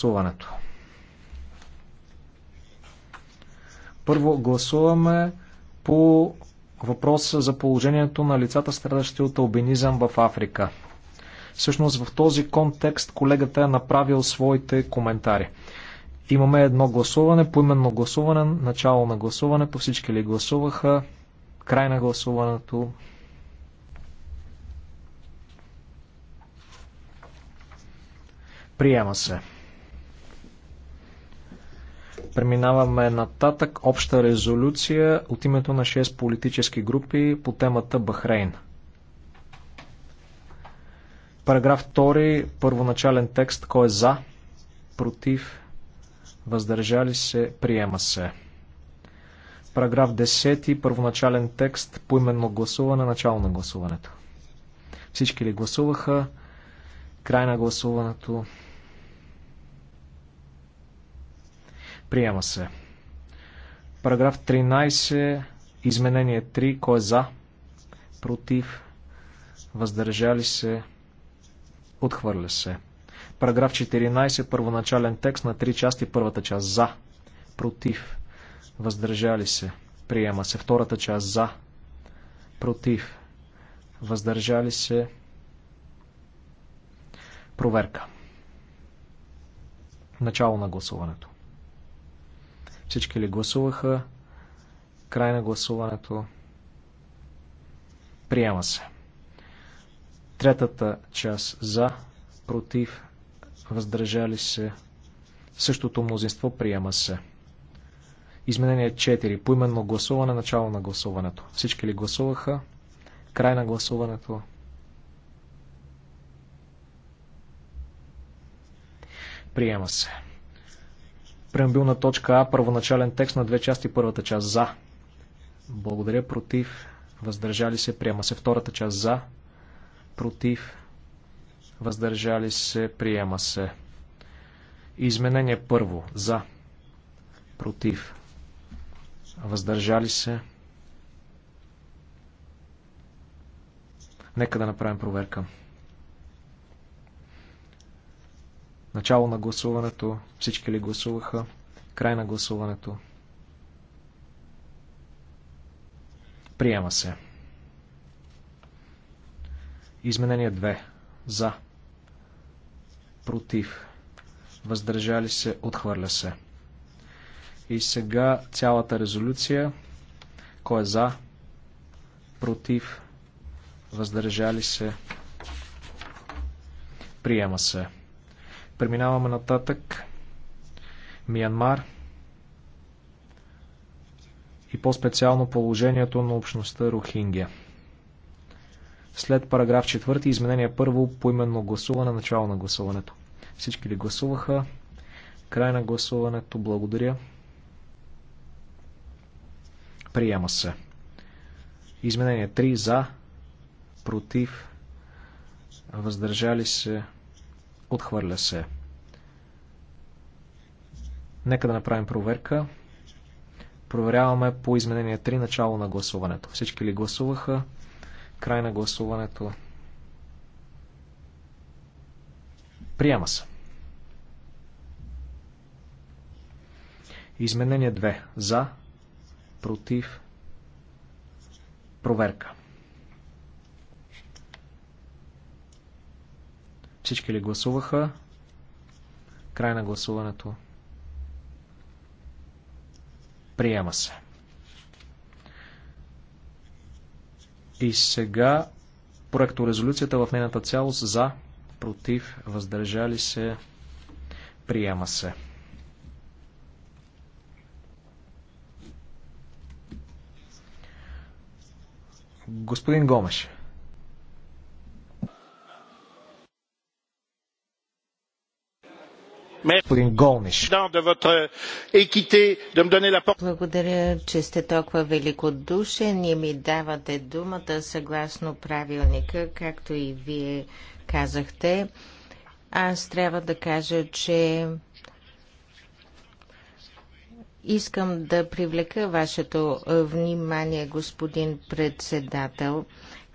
гласуването. Първо гласуваме по въпроса за положението на лицата, страдащи от албинизъм в Африка. Всъщност в този контекст колегата е направил своите коментари. Имаме едно гласуване, поименно гласуване, начало на гласуването, всички ли гласуваха, край на гласуването, приема се. Преминаваме нататък. Обща резолюция от името на 6 политически групи по темата Бахрейн. Параграф 2. Първоначален текст. Кой е за? Против? Въздържали се? Приема се. Параграф 10. Първоначален текст. по именно гласуване. Начало на гласуването. Всички ли гласуваха? Край на гласуването. Приема се. Параграф 13, изменение 3, кой е за, против, въздържали се, отхвърля се. Параграф 14, първоначален текст на три части, първата част за, против, въздържали се, приема се. Втората част за, против, въздържали се, проверка. Начало на гласуването. Всички ли гласуваха? Край на гласуването. Приема се. Третата част за, против, въздържали се. Същото мнозинство приема се. Изменение 4. Поименно гласуване, начало на гласуването. Всички ли гласуваха? Край на гласуването. Приема се. Преамбилна точка А, първоначален текст на две части, първата част за. Благодаря, против, въздържали се, приема се. Втората част за, против, въздържали се, приема се. Изменение първо, за, против, въздържали се. Нека да направим проверка. Начало на гласуването. Всички ли гласуваха? Край на гласуването. Приема се. Изменение 2. За. Против. Въздържали се. Отхвърля се. И сега цялата резолюция. Кой е за? Против. Въздържали се. Приема се. Преминаваме нататък. Миянмар и по-специално положението на общността Рохингя. След параграф 4, изменение първо, поименно гласуване, начало на гласуването. Всички ли гласуваха? Край на гласуването. Благодаря. Приема се. Изменение 3 за, против, въздържали се, Отхвърля се. Нека да направим проверка. Проверяваме по изменение 3 начало на гласуването. Всички ли гласуваха? Край на гласуването. Приема се. Изменение 2. За. Против. Проверка. Всички ли гласуваха? Край на гласуването. Приема се. И сега проекторезолюцията в нейната цялост за, против, въздържали се, приема се. Господин Гомеш. господин Голниш. Благодаря, че сте толкова великодушен и ми давате думата съгласно правилника, както и вие казахте. Аз трябва да кажа, че искам да привлека вашето внимание, господин председател,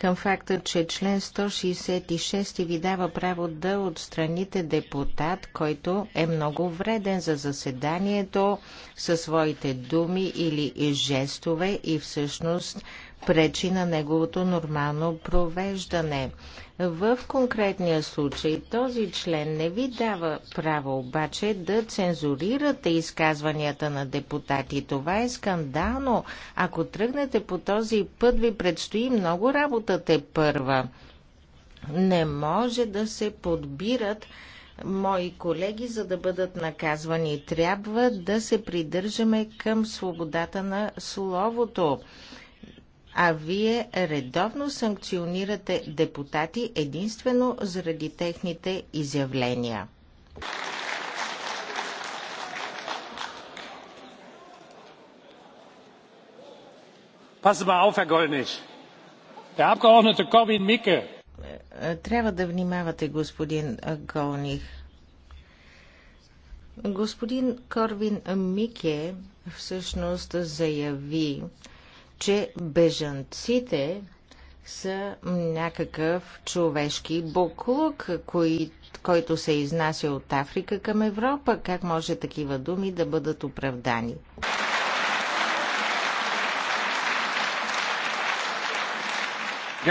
към факта, че член 166 ви дава право да отстраните депутат, който е много вреден за заседанието със своите думи или жестове и всъщност пречи на неговото нормално провеждане. В конкретния случай този член не ви дава право обаче да цензурирате изказванията на депутати. Това е скандално. Ако тръгнете по този път, ви предстои много работата първа. Не може да се подбират мои колеги, за да бъдат наказвани. Трябва да се придържаме към свободата на словото а вие редовно санкционирате депутати единствено заради техните изявления. Е, трябва да внимавате, господин е, Голних. Господин Корвин Мике всъщност заяви, че бежанците са някакъв човешки буклук, кои, който се изнася от Африка към Европа. Как може такива думи да бъдат оправдани?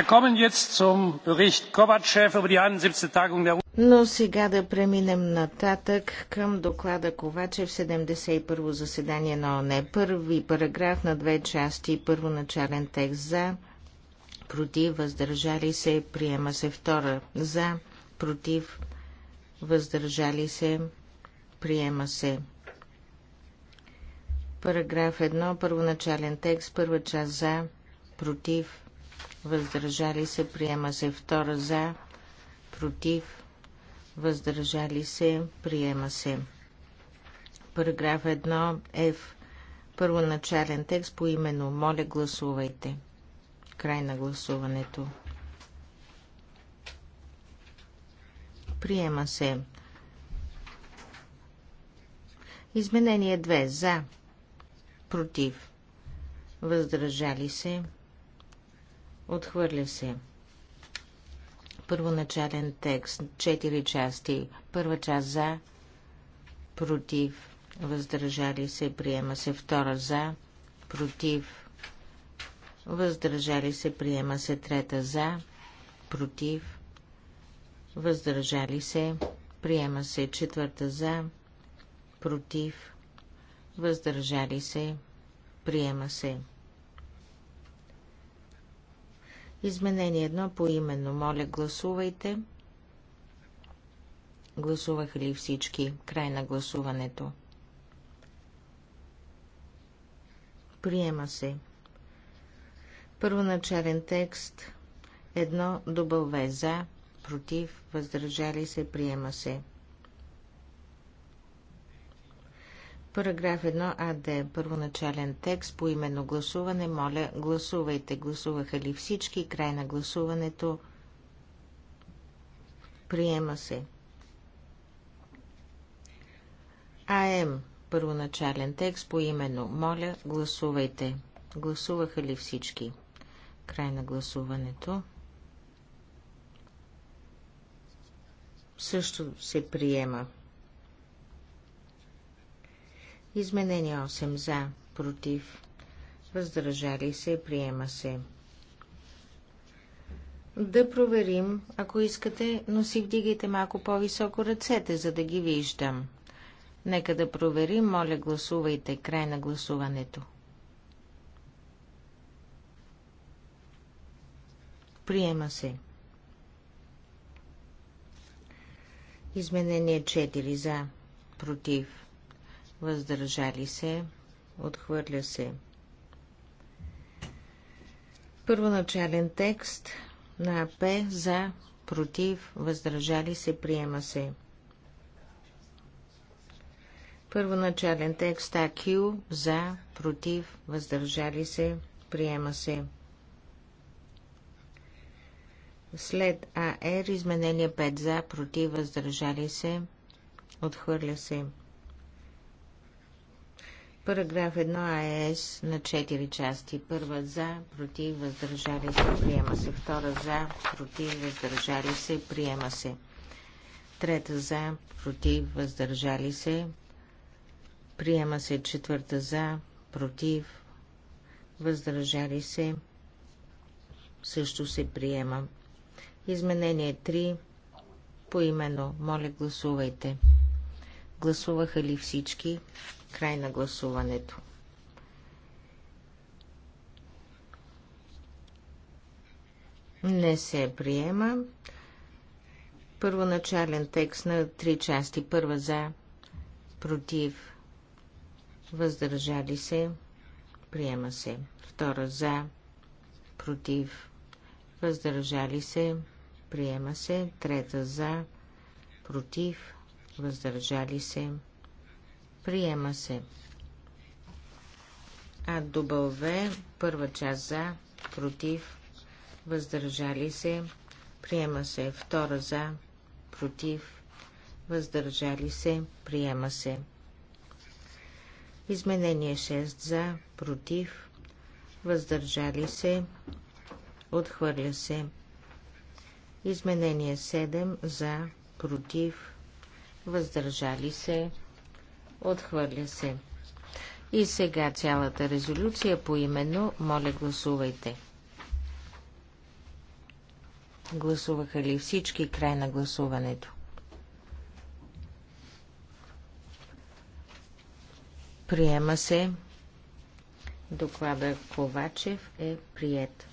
wir kommen jetzt zum bericht Kovacev über die. 71. tagung der. Но сега да преминем нататък към доклада Ковачев, 71-во заседание на ОНЕ. Първи параграф на две части, първоначален текст за, против, въздържали се, приема се втора за, против, въздържали се, приема се. Параграф 1, първоначален текст, първа част за, против, въздържали се, приема се втора за, против, въздържали се, приема се. Параграф 1 F. Първоначален текст по именно. Моля, гласувайте. Край на гласуването. Приема се. Изменение 2. За. Против. Въздържали се. Отхвърля се първоначален текст. Четири части. Първа част за, против, въздържали се, приема се. Втора за, против, въздържали се, приема се. Трета за, против, въздържали се, приема се. Четвърта за, против, въздържали се, приема се. Изменение едно по именно. Моля, гласувайте. Гласуваха ли всички? Край на гласуването. Приема се. Първоначален текст. Едно добълве за, против, въздържали се, приема се. Параграф 1 АД. Първоначален текст по именно гласуване. Моля, гласувайте. Гласуваха ли всички? Край на гласуването. Приема се. АМ. Първоначален текст по именно. Моля, гласувайте. Гласуваха ли всички? Край на гласуването. Също се приема. Изменение 8 за, против, въздържали се, приема се. Да проверим, ако искате, но си вдигайте малко по-високо ръцете, за да ги виждам. Нека да проверим, моля гласувайте край на гласуването. Приема се. Изменение 4 за, против, въздържали се, отхвърля се. Първоначален текст на АП за, против, въздържали се, приема се. Първоначален текст АК за, против, въздържали се, приема се. След АР изменение 5 за, против, въздържали се, отхвърля се. Параграф 1 АЕС на 4 части. Първа за, против, въздържали се, приема се. Втора за, против, въздържали се, приема се. Трета за, против, въздържали се, приема се. Четвърта за, против, въздържали се, също се приема. Изменение 3 поименно. Моля, гласувайте. Гласуваха ли всички? Край на гласуването. Не се приема. Първоначален текст на три части. Първа за, против, въздържали се, приема се. Втора за, против, въздържали се, приема се. Трета за, против, въздържали се, приема се. А W, първа част за, против, въздържали се, приема се. Втора за, против, въздържали се, приема се. Изменение 6 за, против, въздържали се, отхвърля се. Изменение 7 за, против, въздържали се, отхвърля се. И сега цялата резолюция по именно, моля гласувайте. Гласуваха ли всички край на гласуването? Приема се. Доклада Ковачев е прият.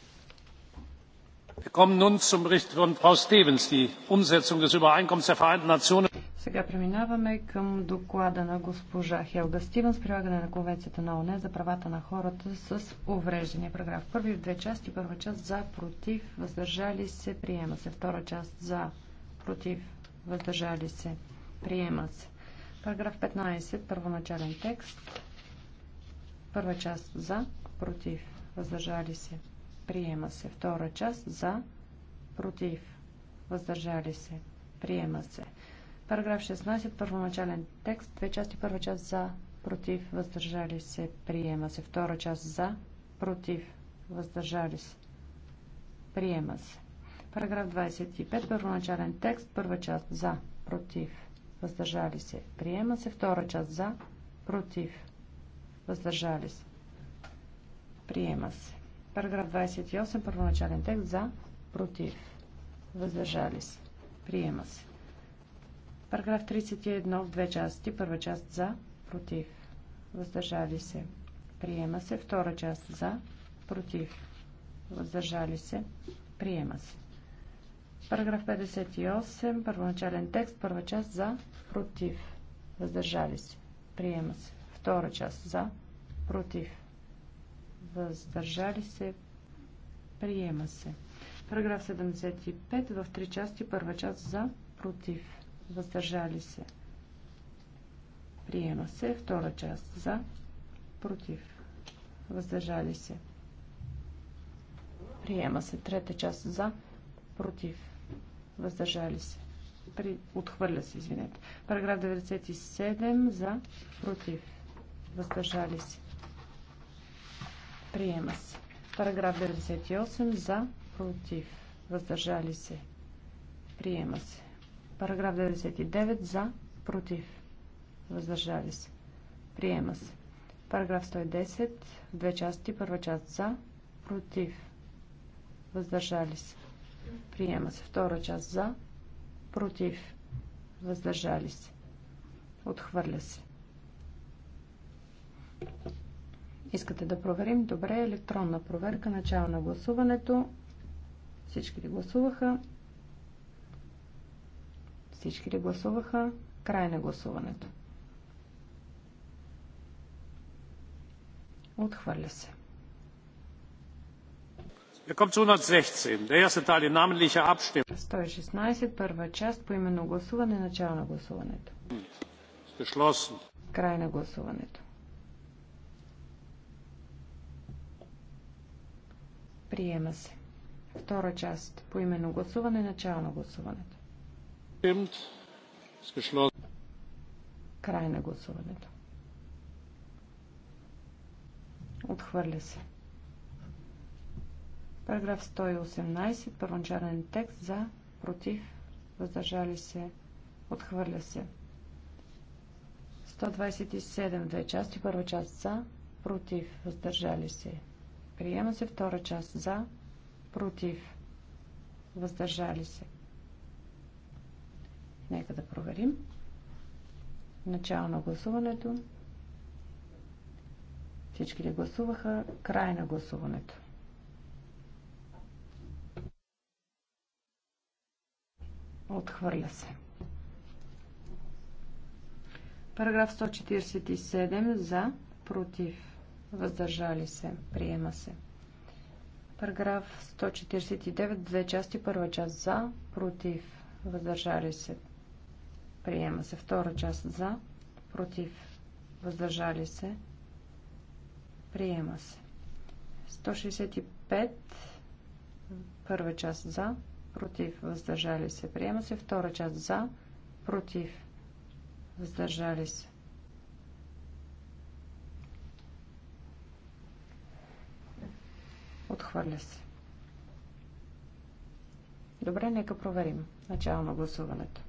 Wir kommen nun zum Bericht von Frau Stevens, die Umsetzung des Übereinkommens der Vereinten Nationen. Сега преминаваме към доклада на госпожа Хелга Стивенс, прилагане на Конвенцията на ОНЕ за правата на хората с увреждане. Параграф първи в две части. Първа част за, против, въздържали се, приема се. Втора част за, против, въздържали се, приема се. Параграф 15, първоначален текст. Първа част за, против, въздържали се, приема се. Втора част за, против, въздържали се, приема се. Параграф 16, първоначален текст, две части, първа част за, против, въздържали се, приема се. Втора част за, против, въздържали се, приема се. Параграф 25, първоначален текст, първа част за, против, въздържали се, приема се. Втора част за, против, въздържали се, приема се. Параграф 28, първоначален текст за, против, въздържали се, приема се. Параграф 31 в две части. Първа част за, против. Въздържали се. Приема се. Втора част за, против. Въздържали се. Приема се. Параграф 58. Първоначален текст. Първа част за, против. Въздържали се. Приема се. Втора част за, против. Въздържали се. Приема се. Параграф 75 в три части. Първа част за, против въздържали се. Приема се. Втора част за, против, въздържали се. Приема се. Трета част за, против, въздържали се. При... Отхвърля се, извинете. Параграф 97 за, против, въздържали се. Приема се. Параграф 98 за, против, въздържали се. Приема се. Параграф 99 за, против, въздържали се. Приема се. Параграф 110, две части, първа част за, против, въздържали се. Приема се. Втора част за, против, въздържали се. Отхвърля се. Искате да проверим? Добре, електронна проверка, начало на гласуването. Всички ли гласуваха? Всички ли гласуваха? Край на гласуването. Отхвърля се. Wir kommen zu 116. Der erste Teil in namentlicher Abstimmung. 116, първа част, по именно гласуване, начало на гласуването. Край на гласуването. Приема се. Втора част, по именно гласуване, начало на гласуването. Край на гласуването. Отхвърля се. Параграф 118, първоначален текст за, против, въздържали се, отхвърля се. 127, две части, първа част за, против, въздържали се. Приема се втора част за, против, въздържали се. Нека да проверим. Начало на гласуването. Всички ли гласуваха? Край на гласуването. Отхвърля се. Параграф 147 за, против, въздържали се, приема се. Параграф 149, две части, първа част за, против, въздържали се, Приема се втора част за, против, въздържали се. Приема се. 165. Първа част за, против, въздържали се. Приема се втора част за, против, въздържали се. Отхвърля се. Добре, нека проверим начало на гласуването.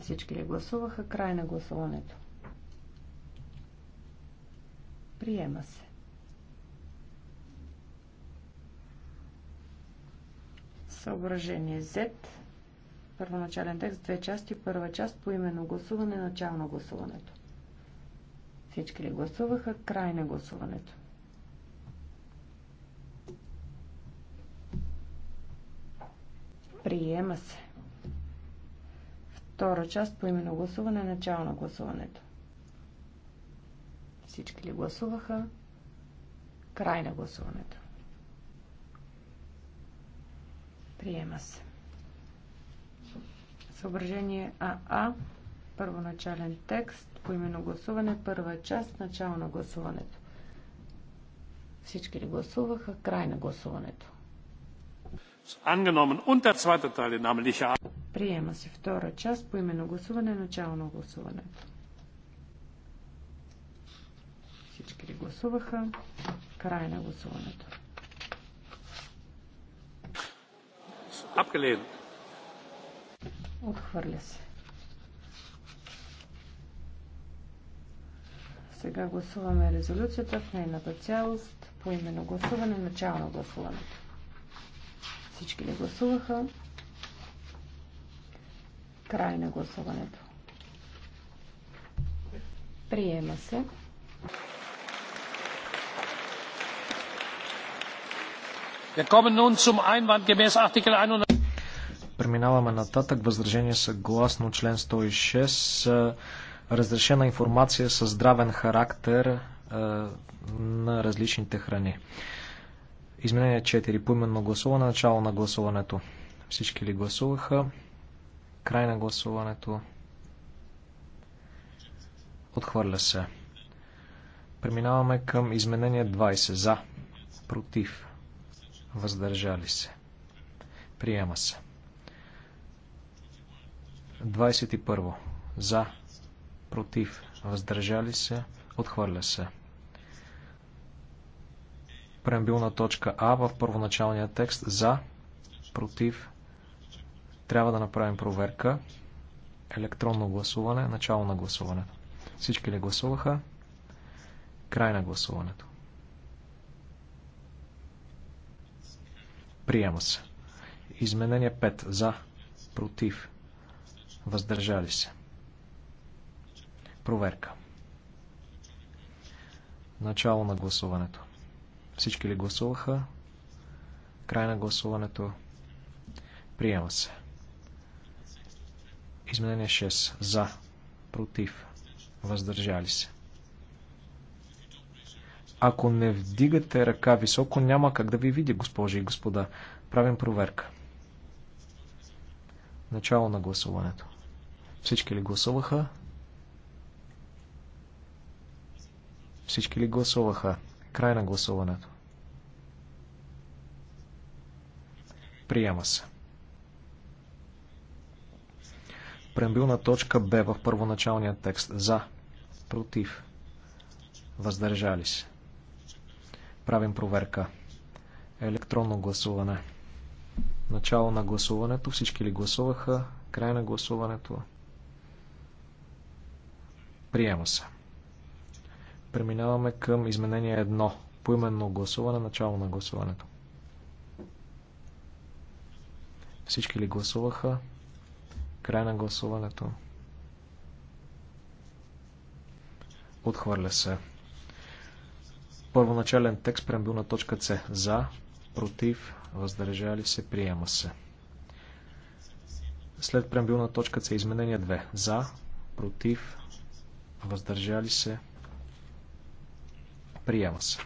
Всички ли гласуваха? Край на гласуването. Приема се. Съображение Z. Първоначален текст, две части. Първа част по именно гласуване, начало на гласуването. Всички ли гласуваха? Край на гласуването. Приема се. Втора част по именно гласуване, начало на гласуването. Всички ли гласуваха? Край на гласуването. Приема се. Съображение АА. Първоначален текст. по именно гласуване. Първа част. Начало на гласуването. Всички ли гласуваха? Край на гласуването. Приема се втора част по именно гласуване, начално гласуване. Всички ли гласуваха? Край на гласуването. Abgelehnt. Отхвърля се. Сега гласуваме резолюцията в нейната цялост по именно гласуване, на гласуването. Всички ли гласуваха? Край на гласуването. Приема се. Преминаваме нататък. Възражение съгласно член 106. Е, разрешена информация със здравен характер е, на различните храни. Изменение 4. Поименно гласуване. Начало на гласуването. Всички ли гласуваха? Край на гласуването. Отхвърля се. Преминаваме към изменение 20. За. Против. Въздържали се. Приема се. 21. За. Против. Въздържали се. Отхвърля се преамбилна точка А в първоначалния текст за, против, трябва да направим проверка, електронно гласуване, начало на гласуването. Всички ли гласуваха? Край на гласуването. Приема се. Изменение 5. За. Против. Въздържали се. Проверка. Начало на гласуването. Всички ли гласуваха? Край на гласуването. Приема се. Изменение 6. За. Против. Въздържали се. Ако не вдигате ръка високо, няма как да ви видя, госпожи и господа. Правим проверка. Начало на гласуването. Всички ли гласуваха? Всички ли гласуваха? Край на гласуването. Приема се. Преамбилна точка Б в първоначалния текст. За. Против. Въздържали се. Правим проверка. Електронно гласуване. Начало на гласуването. Всички ли гласуваха? Край на гласуването. Приема се. Преминаваме към изменение 1. Поименно гласуване. Начало на гласуването. Всички ли гласуваха? Край на гласуването. Отхвърля се. Първоначален текст преамбил на точка С. За, против, въздържали се, приема се. След преамбил на точка С изменения 2. За, против, въздържали се, приема се.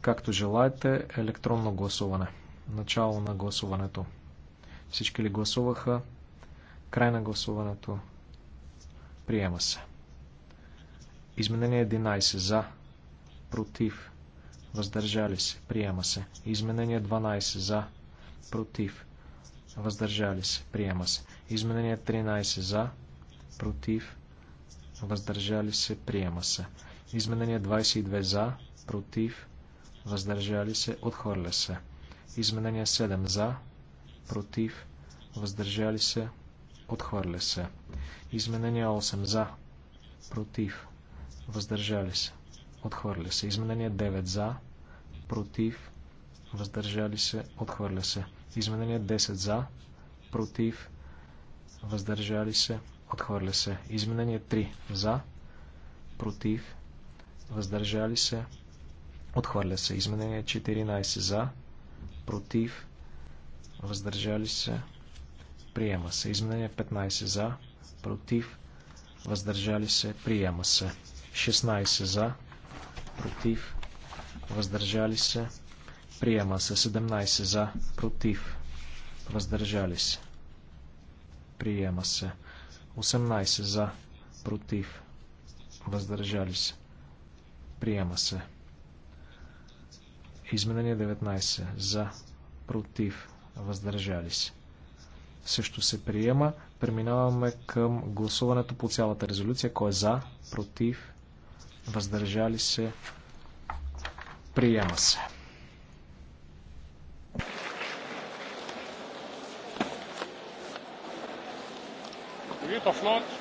Както желаете, електронно гласуване. Начало на гласуването. Всички ли гласуваха? Край на гласуването. Приема се. Изменение 11. За. Против. Въздържали се. Приема се. Изменение 12. За. Против. Въздържали се. Приема се. Изменение 13. За. Против. Въздържали се. Приема се. Изменение 22. За. Против. Въздържали се. Отхвърля се. Изменение 7 за, против, въздържали се, отхвърля се. Изменение 8 за, против, въздържали се, отхвърля се. Изменение 9 за, против, въздържали се, отхвърля се. Изменение 10 за, против, въздържали се, отхвърля се. Изменение 3 за, против, въздържали се, отхвърля се. Изменение 14 за, против, въздържали се, приема се. Изменение 15 за, против, въздържали се, приема се. 16 за, против, въздържали се, приема се. 17 за, против, въздържали се, приема се. 18 за, против, въздържали се, приема се. Изменение 19. За. Против. Въздържали се. Също се приема. Преминаваме към гласуването по цялата резолюция. Кой е за? Против. Въздържали се. Приема се. If not,